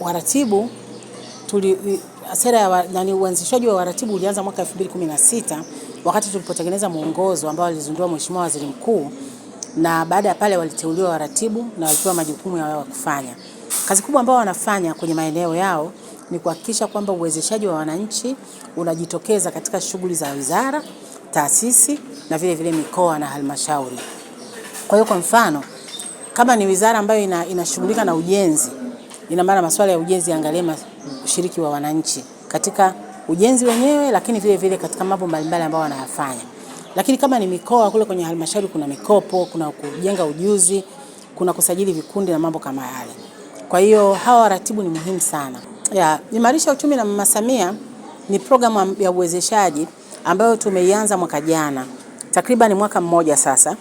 waratibu tuli sera ya nani, uanzishaji wa waratibu ulianza mwaka 2016 wakati tulipotengeneza mwongozo ambao alizindua Mheshimiwa Waziri Mkuu, na baada ya pale waliteuliwa waratibu na walipewa majukumu yao ya kufanya. Kazi kubwa ambayo wanafanya kwenye maeneo yao ni kuhakikisha kwamba uwezeshaji wa wananchi unajitokeza katika shughuli za wizara, taasisi na vile vile mikoa na halmashauri. Kwa hiyo, kwa mfano kama ni wizara ambayo inashughulika na ujenzi Ina maana masuala ya ujenzi yaangalie ushiriki wa wananchi katika ujenzi wenyewe, lakini vile vile katika mambo mbalimbali ambayo wanayafanya. Lakini kama ni mikoa, kule kwenye halmashauri kuna mikopo, kuna kujenga ujuzi, kuna kusajili vikundi na mambo kama yale. Kwa hiyo hawa waratibu ni muhimu sana. Ya, Imarisha Uchumi na Mama Samia ni programu ya uwezeshaji ambayo tumeianza mwaka jana, takriban mwaka mmoja sasa,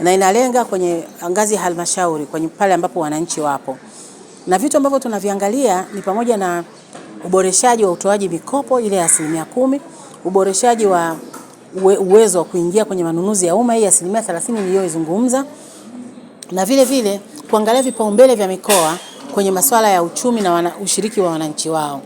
na inalenga kwenye ngazi ya halmashauri, kwenye pale ambapo wananchi wapo na vitu ambavyo tunaviangalia ni pamoja na uboreshaji wa utoaji mikopo ile ya asilimia kumi, uboreshaji wa uwe, uwezo wa kuingia kwenye manunuzi ya umma hii asilimia 30 niliyoizungumza, na vile vile kuangalia vipaumbele vya mikoa kwenye masuala ya uchumi na wana, ushiriki wa wananchi wao.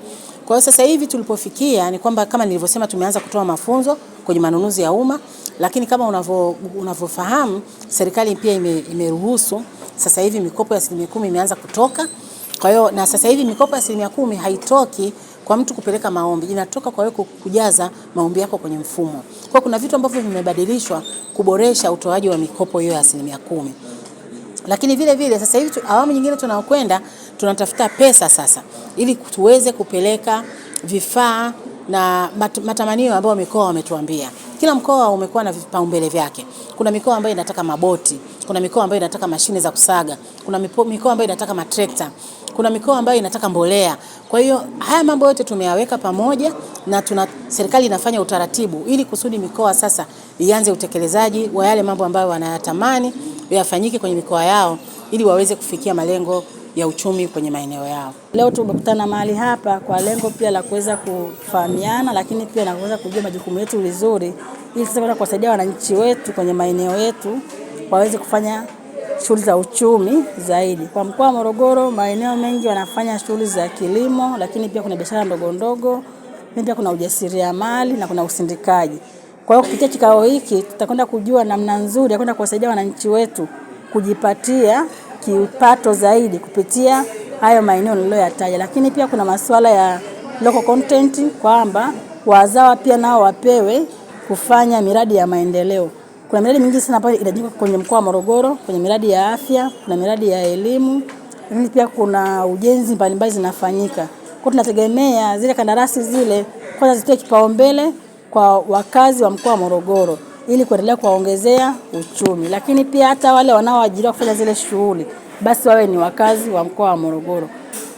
Kwa hiyo sasa hivi tulipofikia ni kwamba kama nilivyosema, tumeanza kutoa mafunzo kwenye manunuzi ya umma, lakini kama unavyo unavyofahamu serikali pia imeruhusu ime, sasa hivi mikopo ya asilimia kumi imeanza kutoka kwa hiyo na sasa hivi mikopo ya asilimia kumi haitoki kwa mtu kupeleka maombi, inatoka kwa wewe kujaza maombi yako kwenye mfumo. Kwa kuna vitu ambavyo vimebadilishwa kuboresha utoaji wa mikopo hiyo ya asilimia kumi. Lakini vile vile sasa hivi awamu nyingine tunaokwenda tunatafuta pesa sasa, ili tuweze kupeleka vifaa na matamanio ambayo mikoa wametuambia. Kila mkoa umekuwa na vipaumbele vyake. Kuna mikoa ambayo inataka maboti, kuna mikoa ambayo inataka mashine za kusaga, kuna mikoa ambayo inataka matrekta kuna mikoa ambayo inataka mbolea. Kwa hiyo haya mambo yote tumeyaweka pamoja na tuna serikali inafanya utaratibu ili kusudi mikoa sasa ianze utekelezaji wa yale mambo ambayo wanayatamani yafanyike kwenye mikoa yao ili waweze kufikia malengo ya uchumi kwenye maeneo yao. Leo tumekutana mahali hapa kwa lengo pia la kuweza kufahamiana, lakini pia na kuweza kujua majukumu yetu vizuri, ili sasa kuwasaidia wananchi wetu kwenye maeneo yetu waweze kufanya shughuli za uchumi zaidi. Kwa mkoa wa Morogoro, maeneo mengi wanafanya shughuli za kilimo, lakini pia kuna biashara ndogo ndogo, pia kuna ujasiriamali na kuna usindikaji. Kwa hiyo kupitia kikao hiki tutakwenda kujua namna nzuri ya kwenda kuwasaidia wananchi wetu kujipatia kipato zaidi kupitia hayo maeneo niliyoyataja, lakini pia kuna masuala ya local content kwamba wazawa pia nao wapewe kufanya miradi ya maendeleo. Kuna miradi mingi sana ambayo inajengwa kwenye mkoa wa Morogoro, kwenye miradi ya afya, kuna miradi ya elimu, lakini pia kuna ujenzi mbalimbali zinafanyika. Kwa tunategemea zile kandarasi zile kwanza zitoe kipaumbele kwa wakazi wa mkoa wa Morogoro ili kuendelea kuwaongezea uchumi, lakini pia hata wale wanaoajiriwa kufanya zile shughuli basi wawe ni wakazi wa mkoa wa Morogoro,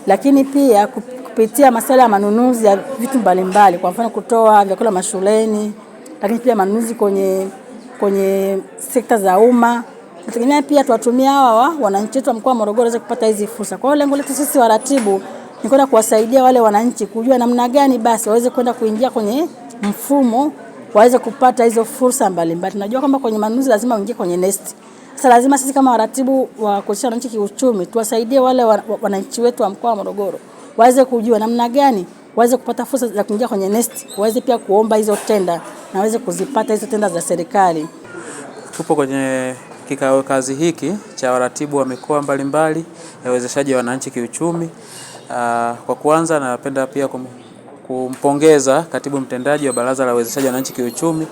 lakini pia kupitia masuala ya manunuzi ya vitu mbalimbali, kwa mfano kutoa vyakula mashuleni, lakini pia manunuzi kwenye kwenye sekta za umma. Nategemea pia tuwatumia hawa wananchi wetu wa mkoa wa Morogoro waweze kupata hizi fursa. Kwa hiyo lengo letu sisi waratibu ni kwenda kuwasaidia wale wananchi kujua namna gani basi waweze kwenda kuingia kwenye mfumo waweze kupata hizo fursa mbalimbali. Tunajua kwamba kwenye manunuzi lazima uingie kwenye nest. Sasa lazima sisi kama waratibu wa kuhusisha wananchi kiuchumi tuwasaidie wale wananchi wetu wa mkoa wa Morogoro waweze kujua namna gani waweze kupata fursa za kuingia kwenye NeST, waweze pia kuomba hizo tenda na waweze kuzipata hizo tenda za serikali. Tupo kwenye kikao kazi hiki cha waratibu wa mikoa mbalimbali ya uwezeshaji wa wananchi kiuchumi. Ah, kwa kwanza, napenda pia kumpongeza katibu mtendaji wa Baraza la Uwezeshaji wa Wananchi Kiuchumi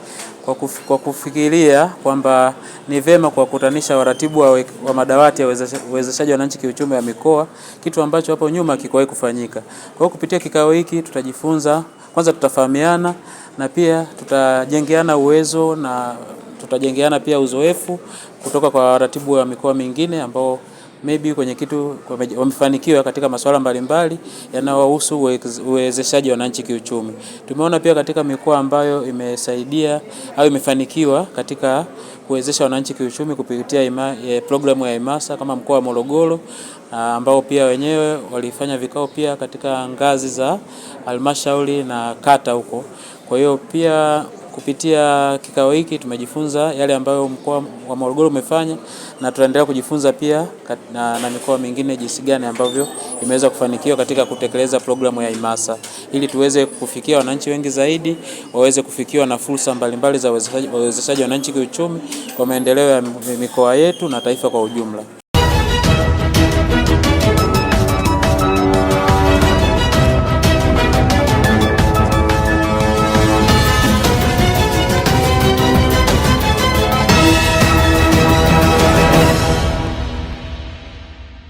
kwa, kuf, kwa kufikiria kwamba ni vema kuwakutanisha waratibu wa, we, wa madawati ya uwezeshaji wananchi kiuchumi wa mikoa, kitu ambacho hapo nyuma hakikuwahi kufanyika. Kwa hiyo kupitia kikao hiki tutajifunza kwanza, tutafahamiana na pia tutajengeana uwezo na tutajengeana pia uzoefu kutoka kwa waratibu wa mikoa mingine ambao maybe kwenye kitu wamefanikiwa katika masuala mbalimbali yanayohusu uwezeshaji wananchi kiuchumi. Tumeona pia katika mikoa ambayo imesaidia au imefanikiwa katika kuwezesha wananchi kiuchumi kupitia ima, eh, programu ya imasa kama mkoa wa Morogoro ah, ambao pia wenyewe walifanya vikao pia katika ngazi za halmashauri na kata huko. Kwa hiyo pia Kupitia kikao hiki tumejifunza yale ambayo mkoa wa Morogoro umefanya na tunaendelea kujifunza pia na, na mikoa mingine jinsi gani ambavyo imeweza kufanikiwa katika kutekeleza programu ya IMASA ili tuweze kufikia wananchi wengi zaidi waweze kufikiwa na fursa mbalimbali za uwezeshaji wananchi kiuchumi kwa maendeleo ya mikoa yetu na taifa kwa ujumla.